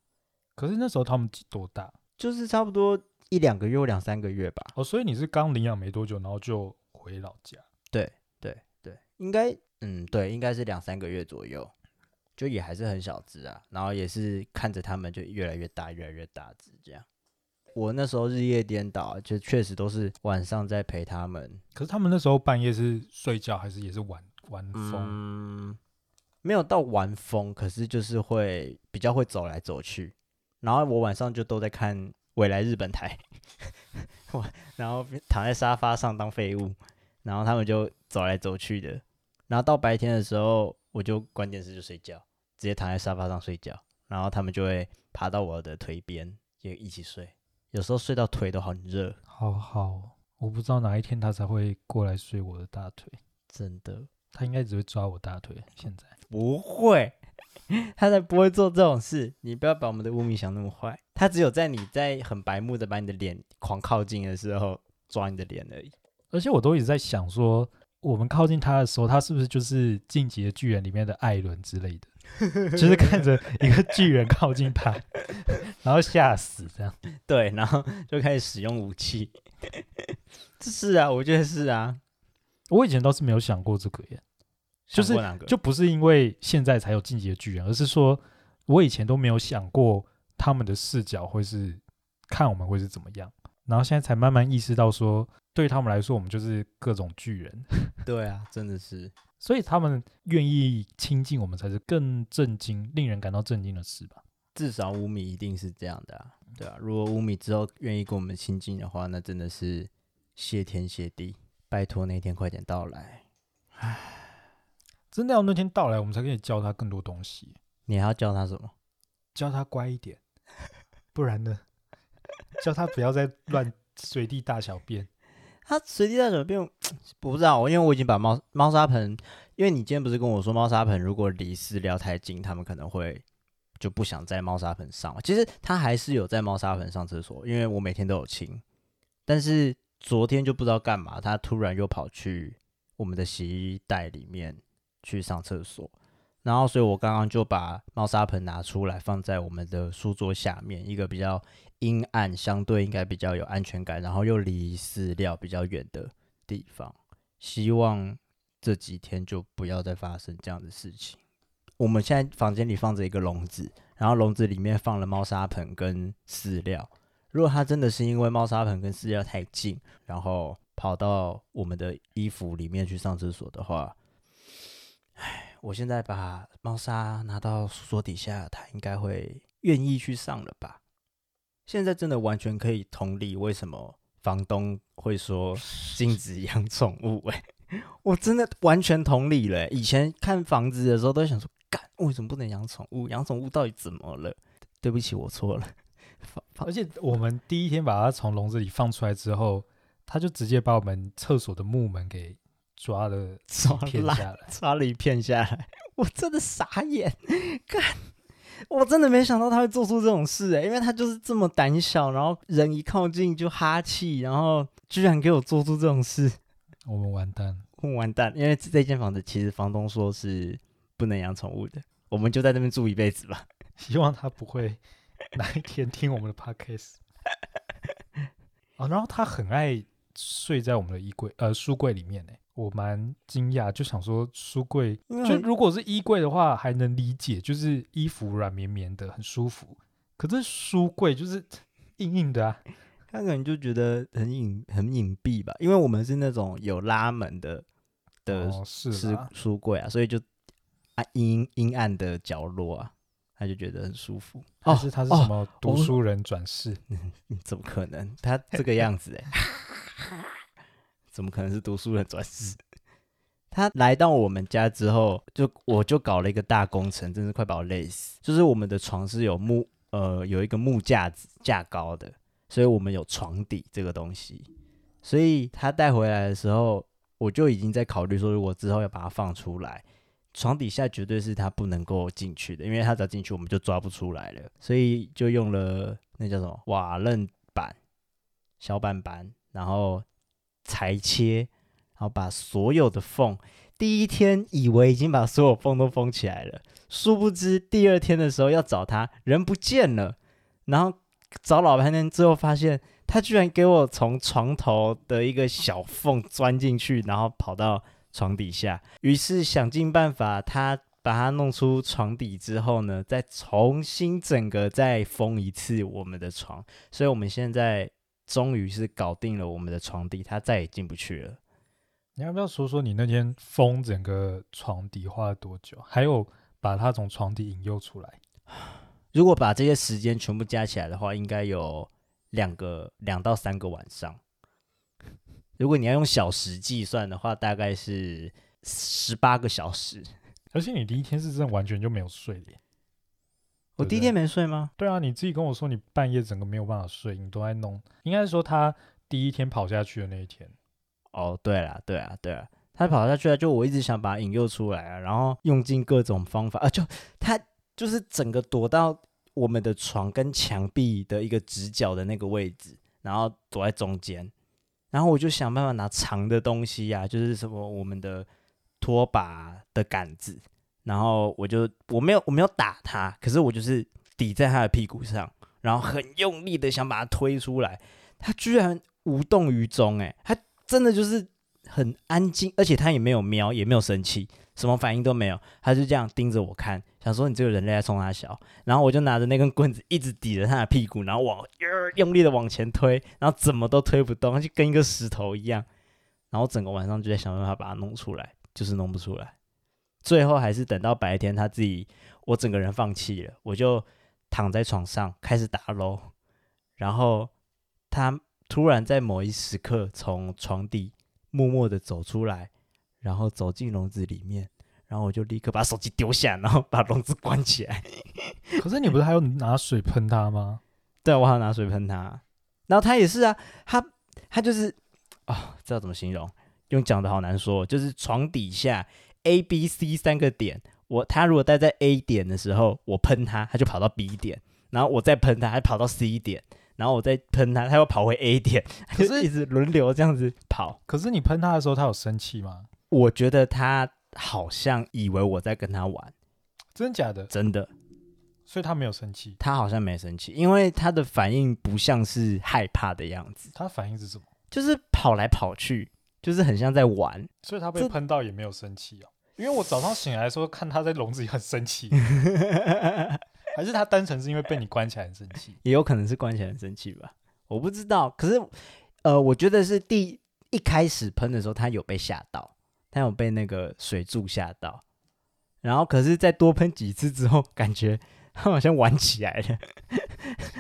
可是那時候他們幾多大？就是差不多一兩個月、兩三個月吧。哦，所以你是剛領養沒多久，然後就回老家？對對對，應該。嗯，對，應該是兩三個月左右，就也還是很小只啊。然後也是看着他們就越來越大，越來越大只這樣。我那時候日夜顛倒，就確實都是晚上在陪他們。可是他們那時候半夜是睡覺，還是也是玩玩瘋？嗯，沒有到玩瘋，可是就是會比較會走來走去。然後我晚上就都在看緯來日本台，我然後躺在沙發上當廢物，然後他們就走來走去的。然後到白天的時候，我就關電視就睡覺，直接躺在沙發上睡覺。然後他們就會爬到我的腿邊，就一起睡。有時候睡到腿都很熱。好好，我不知道哪一天他才會過來睡我的大腿。真的，他應該只會抓我大腿。現在不會， 他才不會做這種事。你不要把我們的捂咪想那麼壞。他只有在你在很白目的把你的臉狂靠近的時候抓你的臉而已。而且我都一直在想說。我們靠近他的時候，他是不是就是《進擊的巨人》裡面的艾倫之類的？ 就是看着一個巨人靠近他，然後嚇死這樣。 對，然後就開始使用武器。 是啊，我覺得是啊。我以前倒是沒有想過這個耶，個，就是就不是因為現在才有《進擊的巨人》，而是說我以前都沒有想過他們的視角會是看我們會是怎麼樣，然後現在才慢慢意識到說。對他們來說，我們就是各種巨人。對啊，真的是， 所以他們願意親近我們，才是更震驚、令人感到震驚的事吧？至少捂咪一定是這樣的，啊，對啊。如果捂咪之後願意跟我們親近的話，那真的是謝天謝地，拜託那天快點到來。唉，真的要那天到來，我們才可以教他更多東西。你還要教他什麼？教他乖一點，不然呢？ 教他不要再亂隨地大小便。它隨地大小便，我不知道喔，因為我已經把貓貓砂盆，因為你今天不是跟我說貓砂盆如果離飼料太近，他們可能會就不想在貓砂盆上了。其實它還是有在貓砂盆上廁所，因為我每天都有清。但是昨天就不知道幹嘛，它突然又跑去我們的洗衣袋裡面去上廁所。然後，所以我剛剛就把貓砂盆拿出來，放在我們的書桌下面，一個比較陰暗、相對應該比較有安全感，然後又離飼料比較遠的地方。希望這幾天就不要再發生這樣的事情。我們現在房間裡放着一個籠子，然後籠子裡面放了貓砂盆跟飼料。如果它真的是因為貓砂盆跟飼料太近，然後跑到我們的衣服裡面去上廁所的話，唉。我現在把貓砂拿到書桌底下，它應該會願意去上了吧？現在真的完全可以同理為什麼房東會說禁止養寵物，欸？哎， 我真的完全同理了，欸。以前看房子的時候都想說，幹為什麼不能養寵物？養寵物到底怎麼了？對不起，我錯了。 而且我們第一天把它從籠子裡放出來之後，它就直接把我們廁所的木門給抓了下來抓，抓了一片下來，我真的傻眼，看我真的沒想到他會做出這種事哎，因為他就是這麼膽小，然後人一靠近就哈氣，然後居然給我做出這種事，我們完蛋了，我們完蛋，因為這間房子其實房東說是不能養寵物的，我們就在那邊住一輩子吧，希望他不會哪一天聽我們的 podcast，啊、 哦，然後他很愛睡在我們的衣櫃呃書櫃裡面我蠻驚訝，就想說書櫃，為就如果是衣櫃的話還能理解，就是衣服軟綿綿的很舒服，可是書櫃就是硬硬的啊，他可能就覺得很隱很隱蔽吧，因為我們是那種有拉門的的是書櫃啊，哦、所以就陰陰、啊、暗的角落啊，他就覺得很舒服。但是他是什麼讀書人轉世？哦哦、 怎麼可能？他這個樣子哎、欸。 怎麼可能是讀書人轉世？ 他來到我們家之後，就我就搞了一個大工程，真是快把我累死。就是我們的床是有木呃有一個木架子架，架高的，所以我們有床底這個東西。所以他帶回來的時候，我就已經在考慮說，如果之後要把它放出來，床底下絕對是他不能夠進去的，因為他只要進去我們就抓不出來了。所以就用了那叫什麼瓦楞板、小板板，然後。裁切，然後把所有的縫，第一天以為已經把所有縫都封起來了，殊不知第二天的時候要找他，人不見了，然後找老半天之後發現，他居然給我從床頭的一個小縫鑽進去，然後跑到床底下，於是想盡辦法，他把它弄出床底之後呢，再重新整個再封一次我們的床，所以我們現在。終於是搞定了我們的床底，他再也進不去了。你要不要說說你那天封整個床底花了多久？還有把它從床底引誘出來？如果把這些時間全部加起來的話，應該有兩個，兩到三個晚上。如果你要用小時計算的話，大概是十八個小時。而且你第一天是真的完全就沒有睡了。我第一天沒睡嗎？對啊，你自己跟我說，你半夜整個沒有辦法睡，你都在弄。應該是說他第一天跑下去的那一天。哦，對了、啊，對啊，對啊，他跑下去了。就我一直想把他引誘出來啊，然後用盡各種方法啊。就他就是整個躲到我們的床跟牆壁的一個直角的那個位置，然後躲在中間。然後我就想辦法拿長的東西呀、啊，就是什麼我們的拖把的桿子。然後我就我沒有我沒有打他，可是我就是抵在他的屁股上，然後很用力的想把他推出來，他居然無動於衷，誒，他真的就是很安靜，而且他也沒有喵，也沒有生氣，什麼反應都沒有，他就這樣盯着我看，想說你這個人類在衝他笑。然後我就拿着那根棍子一直抵着他的屁股，然後往，呃，用力的往前推，然後怎麼都推不動，就跟一個石頭一樣。然後整個晚上就在想辦法把它弄出來，就是弄不出來。最後還是等到白天，他自己，我整個人放棄了，我就躺在床上開始打嘍，然後他突然在某一時刻從床底默默的走出來，然後走進籠子裡面，然後我就立刻把手機丟下，然後把籠子關起來。可是你不是還要拿水噴他嗎？ 對，我還要拿水噴他，然後他也是啊，他他就是啊，哦、知怎麼形容？用講的好難說，就是床底下。A、B、C 三個點，我他如果待在 A 點的時候，我噴他，他就跑到 B 點，然後我再噴他，他跑到 C 點，然後我再噴他，他又跑回 A 點，就是一直輪流這樣子跑。可是，可是你噴他的時候，他有生氣嗎？我覺得他好像以為我在跟他玩。真的假的？真的。所以他沒有生氣？他好像沒生氣，因為他的反應不像是害怕的樣子。他反應是什麼？就是跑來跑去，就是很像在玩。所以他被噴到也沒有生氣啊？哦？因為我早上醒來的時候，看他在籠子裡很生氣， 還是他單純是因為被你關起來很生氣？ 也有可能是關起來很生氣吧，我不知道。可是，呃，我覺得是第一，一開始噴的時候，他有被嚇到，他有被那個水柱嚇到。然後，可是再多噴幾次之後，感覺他好像玩起來了。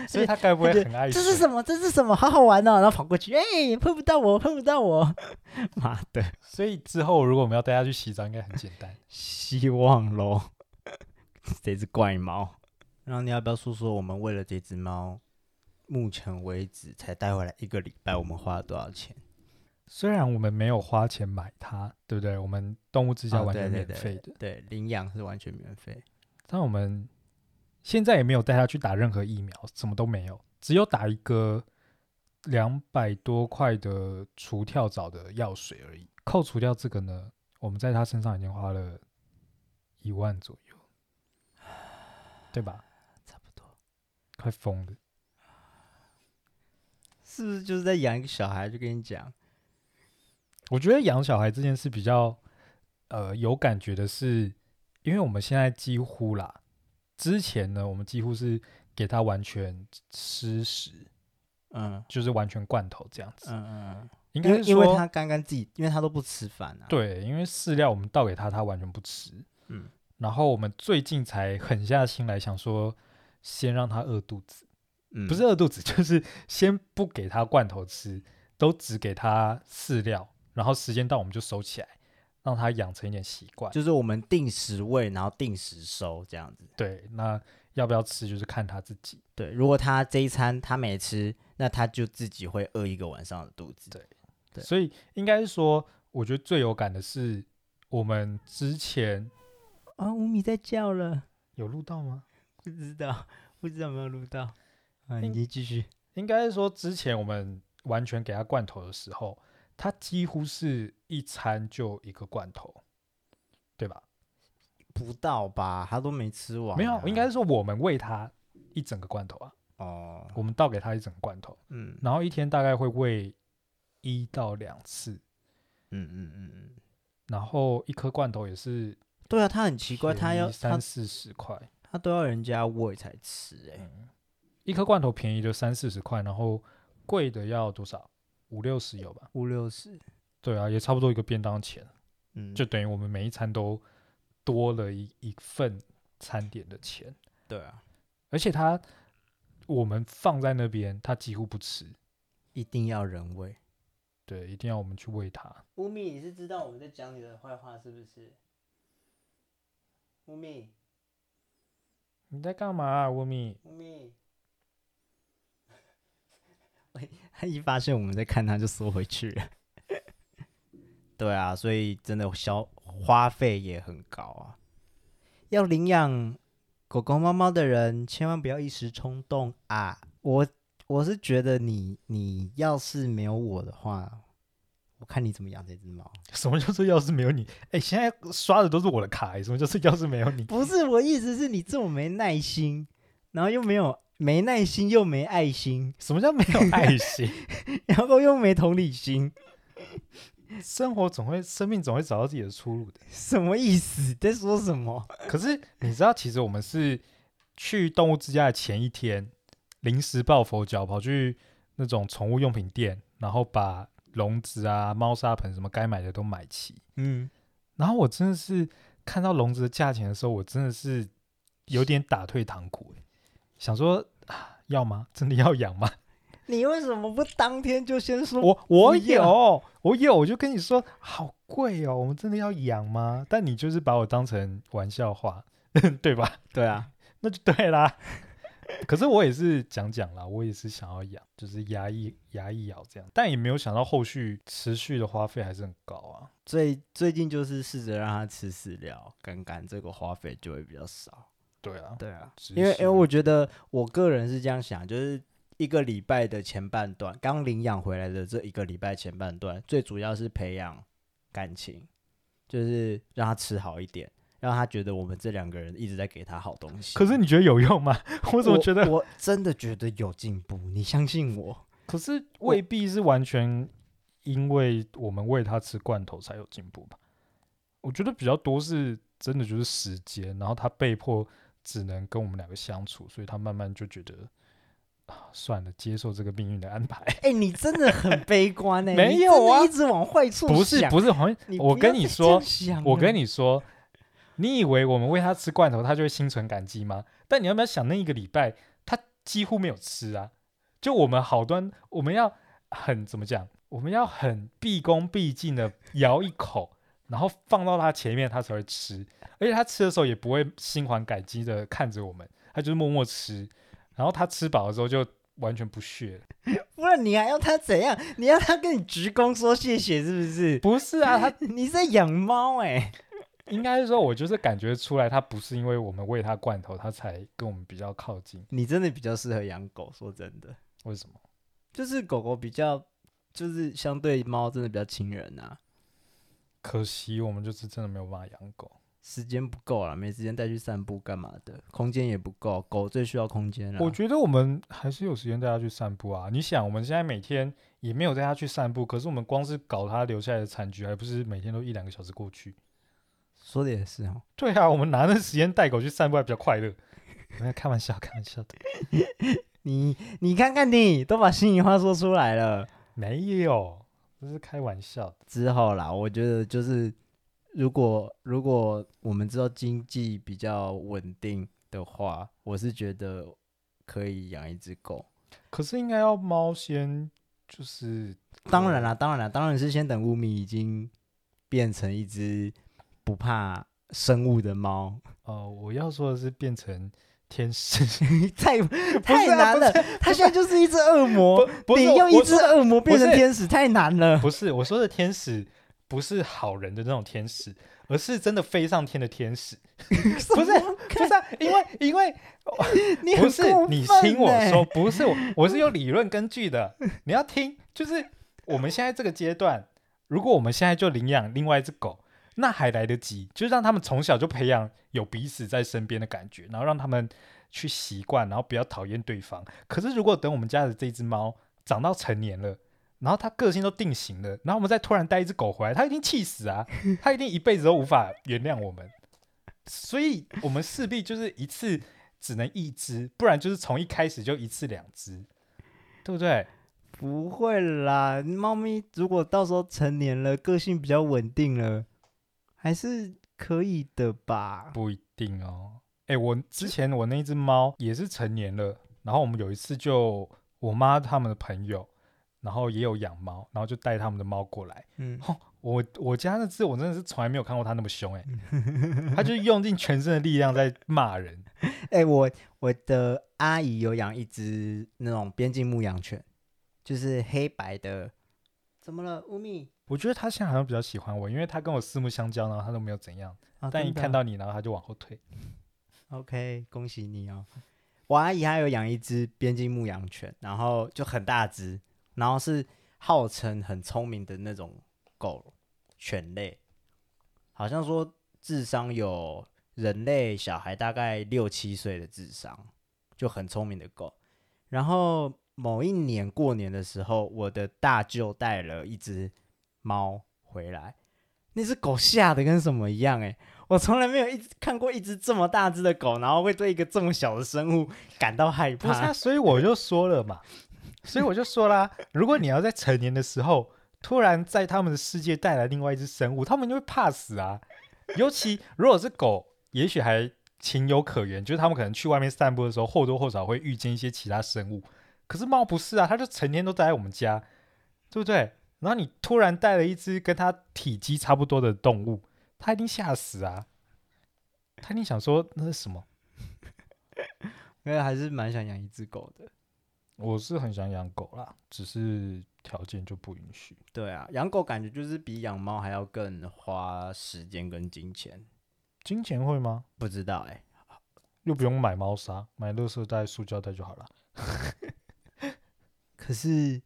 所以他該不會很愛？這是什麼？這是什麼？好好玩哦！然後跑過去，哎、欸，碰不到我，碰不到我！媽 的！所以之後如果我們要帶它去洗澡，應該很簡單。 希望嘍咯。 這隻怪貓，然後你要不要說說我們為了這隻貓，目前為止才帶回來一個禮拜，我們花了多少錢？雖然我們沒有花錢買它，對不對？我們動物之家完全免費的、哦對對對對，對，領養是完全免費。但我們。現在也沒有帶他去打任何疫苗，什麼都沒有，只有打一個兩百多塊的除跳蚤的藥水而已。扣除掉這個呢，我們在他身上已經花了一萬左右，對吧？差不多，快瘋了，是不是就是在養一個小孩？就跟你講，我覺得養小孩這件事比較呃有感覺的是，因為我們現在幾乎啦。之前呢，我們幾乎是給他完全吃食，嗯，就是完全罐頭這樣子。嗯嗯，應該是說因為他剛剛自己，因為他都不吃飯啊。對，因為飼料我們倒給他，他完全不吃。嗯。然後我們最近才狠下心來想說，先讓他餓肚子，嗯、不是餓肚子，就是先不給他罐頭吃，都只給他飼料，然後時間到我們就收起來。讓他養成一點習慣，就是我們定時餵，然後定時收，這樣子。對，那要不要吃就是看他自己。對，如果他這一餐他沒吃，那他就自己會餓一個晚上的肚子。對，對，所以應該是說，我覺得最有感的是我們之前啊，捂咪在叫了，有錄到嗎？不知道，不知道有沒有錄到。啊，你繼續。應該是說之前我們完全給他罐頭的時候。他幾乎是一餐就一個罐頭，對吧？不到吧，他都沒吃完，啊。沒有，應該是說我們餵他一整個罐頭啊。哦、呃。我們倒給他一整個罐頭，嗯，然後一天大概會餵一到兩次。嗯嗯嗯嗯。然後一顆罐頭也是。對啊，他很奇怪，他要三四十塊，他都要人家餵才吃，欸。哎、嗯，一顆罐頭便宜就三四十塊，然後貴的要多少？五六十有吧？五六十，對啊，也差不多一個便當錢，嗯，就等於我們每一餐都多了一一份餐點的錢。嗯、對啊，而且它我們放在那邊，它幾乎不吃，一定要人餵，對，一定要我們去餵它。捂咪，你是知道我們在講你的壞話是不是？捂咪，你在幹嘛啊？捂咪。他一發現我們在看，他就縮回去了。 對啊，所以真的消花費也很高啊。要領養狗狗、貓貓的人，千萬不要一時衝動啊！我我是覺得你，你要是沒有我的話，我看你怎麼養這隻貓。什麼叫做“要是沒有你”？哎、欸，現在刷的都是我的卡、欸。什麼叫做“要是沒有你”？ 不是，我意思是你這麼沒耐心，然後又沒有。沒耐心又沒愛心，什麼叫沒有愛心？ 然後又沒同理心。生活總會，生命總會找到自己的出路的。什麼意思？在說什麼？可是你知道，其實我們是去動物之家的前一天，臨時抱佛腳，跑去那種寵物用品店，然後把籠子啊、貓砂盆什麼該買的都買齊。嗯，然後我真的是看到籠子的價錢的時候，我真的是有點打退堂鼓，欸。想說啊，要嗎？真的要養嗎？你為什麼不當天就先說？我我有，我有，我就跟你說，好貴哦。我們真的要養嗎？但你就是把我當成玩笑話，呵呵對吧？對啊，那就對啦。 可是我也是講講啦，我也是想要養，就是牙一牙一咬這樣，但也沒有想到後續持續的花費還是很高啊。最最近就是試着讓它吃飼料，剛剛這個花費就會比較少。對啊，對啊，只是，因為因為，欸，我覺得我個人是這樣想，就是一個禮拜的前半段，剛領養回來的這一個禮拜前半段，最主要是培養感情，就是讓他吃好一點，讓他覺得我們這兩個人一直在給他好東西。可是你覺得有用嗎？我怎麼覺得我，我真的覺得有進步？你相信我？可是未必是完全因為我們餵他吃罐頭才有進步吧？我覺得比較多是真的就是時間，然後他被迫，只能跟我們兩個相處，所以他慢慢就覺得、哦、算了，接受這個命運的安排。哎、欸，你真的很悲觀，哎、欸，沒有啊，一直往壞處想。啊、不是不是，好像我跟你說，我跟你說，你以為我們餵他吃罐頭，他就會心存感激嗎？但你要不要想，那一個禮拜他幾乎沒有吃啊？就我們好端，我們要很怎麼講？我們要很畢恭畢敬的咬一口。 然後放到它前面，它才會吃。而且它吃的時候也不會心懷感激的看着我們，它就是默默吃。然後它吃飽了之後就完全不屑了。 不然你還要它怎樣？你要它跟你鞠躬說謝謝是不是？不是啊，它 你是在養貓哎、欸。 應該是說，我就是感覺出來，它不是因為我們餵它罐頭，它才跟我們比較靠近。你真的比較適合養狗，說真的。為什麼？就是狗狗比較，就是相對貓真的比較親人啊。可惜我們就是真的沒有辦法養狗，時間不夠啊，沒時間帶去散步幹嘛的，空間也不夠，狗最需要空間了。我覺得我們還是有時間帶它去散步啊！你想，我們現在每天也沒有帶它去散步，可是我們光是搞它留下來的殘局，還不是每天都一兩個小時過去？說的也是哦、喔。對啊，我們拿那時間帶狗去散步還比較快樂。我 開玩笑，開玩笑的。 你你看看你，都把心裡話說出來了沒有？不是開玩笑之後啦，我覺得就是，如果如果我們知道經濟比較穩定的話，我是覺得可以養一隻狗。可是應該要貓先，就是當然啦，當然啦，當然是先等捂咪已經變成一隻不怕生物的貓。哦、呃，我要說的是變成。天使 太太難了，啊啊啊啊、他現在就是一只惡魔。不不，你用一只惡魔變成天使太難了。不是，我說的天使不是好人的那種天使，而是真的飛上天的天使。 不是，不是、啊，因為因為 你不是，你聽我說，不是，我我是有理論根據的。 你要聽，就是我們現在這個階段，如果我們現在就領養另外一只狗。那還來得及，就是讓他們從小就培養有彼此在身邊的感覺，然後讓他們去習慣，然後不要討厭對方。可是如果等我們家的這隻貓長到成年了，然後它個性都定型了，然後我們再突然帶一隻狗回來，它一定氣死啊！它一定一輩子都無法原諒我們。 所以，我們勢必就是一次只能一隻，不然就是從一開始就一次兩隻，對不對？不會啦，貓咪如果到時候成年了，個性比較穩定了。還是可以的吧，不一定哦。哎，我之前我那隻貓也是成年了，然後我們有一次就我媽他們的朋友，然後也有養貓，然後就帶他們的貓過來。嗯，哦、我我家那隻我真的是從來沒有看過它那麼兇哎， 它就用盡全身的力量在罵人。哎， 我我的阿姨有養一隻那種邊境牧羊犬，就是黑白的。怎麼了，捂咪？我覺得他現在好像比較喜歡我，因為他跟我四目相交，然後他都沒有怎樣，啊、但一看到你，啊、然後他就往後退。OK，恭喜你哦！我阿姨還有養一隻邊境牧羊犬，然後就很大隻，然後是號稱很聰明的那種狗、犬類，好像說智商有人類小孩大概六七歲的智商，就很聰明的狗。然後某一年過年的時候，我的大舅帶了一隻。貓回來，那只狗嚇得跟什麼一樣欸！我從來沒有一直看過一只這麼大只的狗，然後會對一個這麼小的生物感到害怕。不是啊，所以我就說了嘛，所以我就說啦， 如果你要在成年的時候突然在他們的世界帶來另外一只生物，他們就會怕死啊。尤其如果是狗，也許還情有可原，就是他們可能去外面散步的時候或多或少會遇見一些其他生物。可是貓不是啊，它就成天都待在我們家，對不對？然後你突然帶了一隻跟它體積差不多的動物，它一定嚇死啊！它一定想說那是什麼？ 因為還是蠻想養一隻狗的。我是很想養狗啦，只是條件就不允許。對啊，養狗感覺就是比養貓還要更花時間跟金錢。金錢會嗎？不知道哎、欸，又不用買貓砂，買樂色袋、塑膠袋就好了。 可是。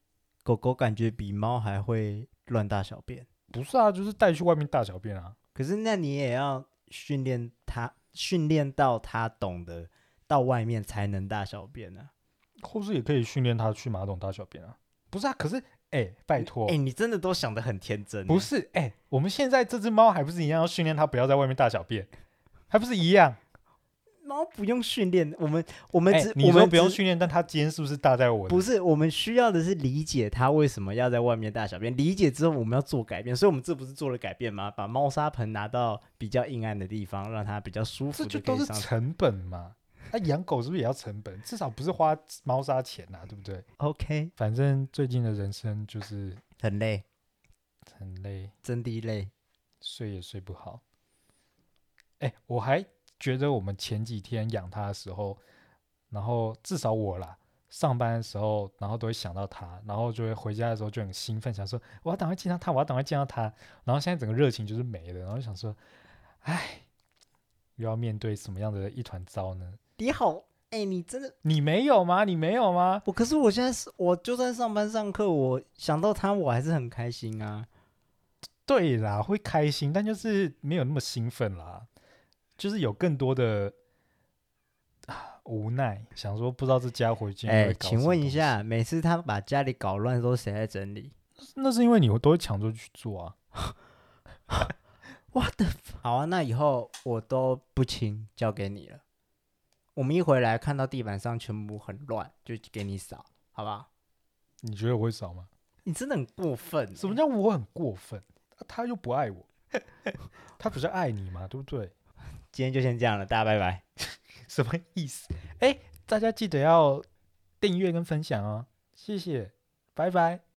狗狗感覺比貓還會亂大小便，不是啊，就是帶去外面大小便啊。可是那你也要訓練它，訓練到它懂得到外面才能大小便啊，或是也可以訓練它去馬桶大小便啊？不是啊，可是欸，拜託，欸，你真的都想得很天真啊。不是欸，我們現在這只貓還不是一樣要訓練它不要在外面大小便，還不是一樣。貓不用訓練，我們我們只、欸、我們只不用訓練，但它今天是不是大在我？不是，我們需要的是理解它為什麼要在外面大小便，理解之後我們要做改變，所以我們這不是做了改變嗎？把貓砂盆拿到比較陰暗的地方，讓它比較舒服上。這就都是成本嘛？那、啊、養狗是不是也要成本？至少不是花貓砂錢吶、啊，對不對？OK，反正最近的人生就是很累，很累，很累真的累，睡也睡不好。哎、欸，我還。覺得我們前幾天養他的時候，然後至少我啦，上班的時候，然後都會想到他，然後就會回家的時候就很興奮，想說我要趕快見到他，我要趕快見到他。然後現在整個熱情就是沒了，然後就想說，哎，又要面對什麼樣的一團糟呢？你好，哎、欸，你真的，你沒有嗎？你沒有嗎？我可是我現在是我就算上班上課，我想到他我還是很開心啊。對啦，會開心，但就是沒有那麼興奮啦。就是有更多的、啊、無奈，想說不知道這家伙已經。哎、欸，請問一下，每次他把家裡搞亂的時候，誰在整理？那是因為你都搶着去做啊！What the fuck? 好啊，那以後我都不清交給你了。我們一回來，看到地板上全部很亂，就給你掃，好不好？你覺得我會掃嗎？你真的很過分、欸！什麼叫我很過分？啊、他又不愛我， 他不是愛你嘛，對不對？今天就先這樣了，大家拜拜。 什麼意思？哎、欸，大家記得要訂閱跟分享哦，謝謝，拜拜。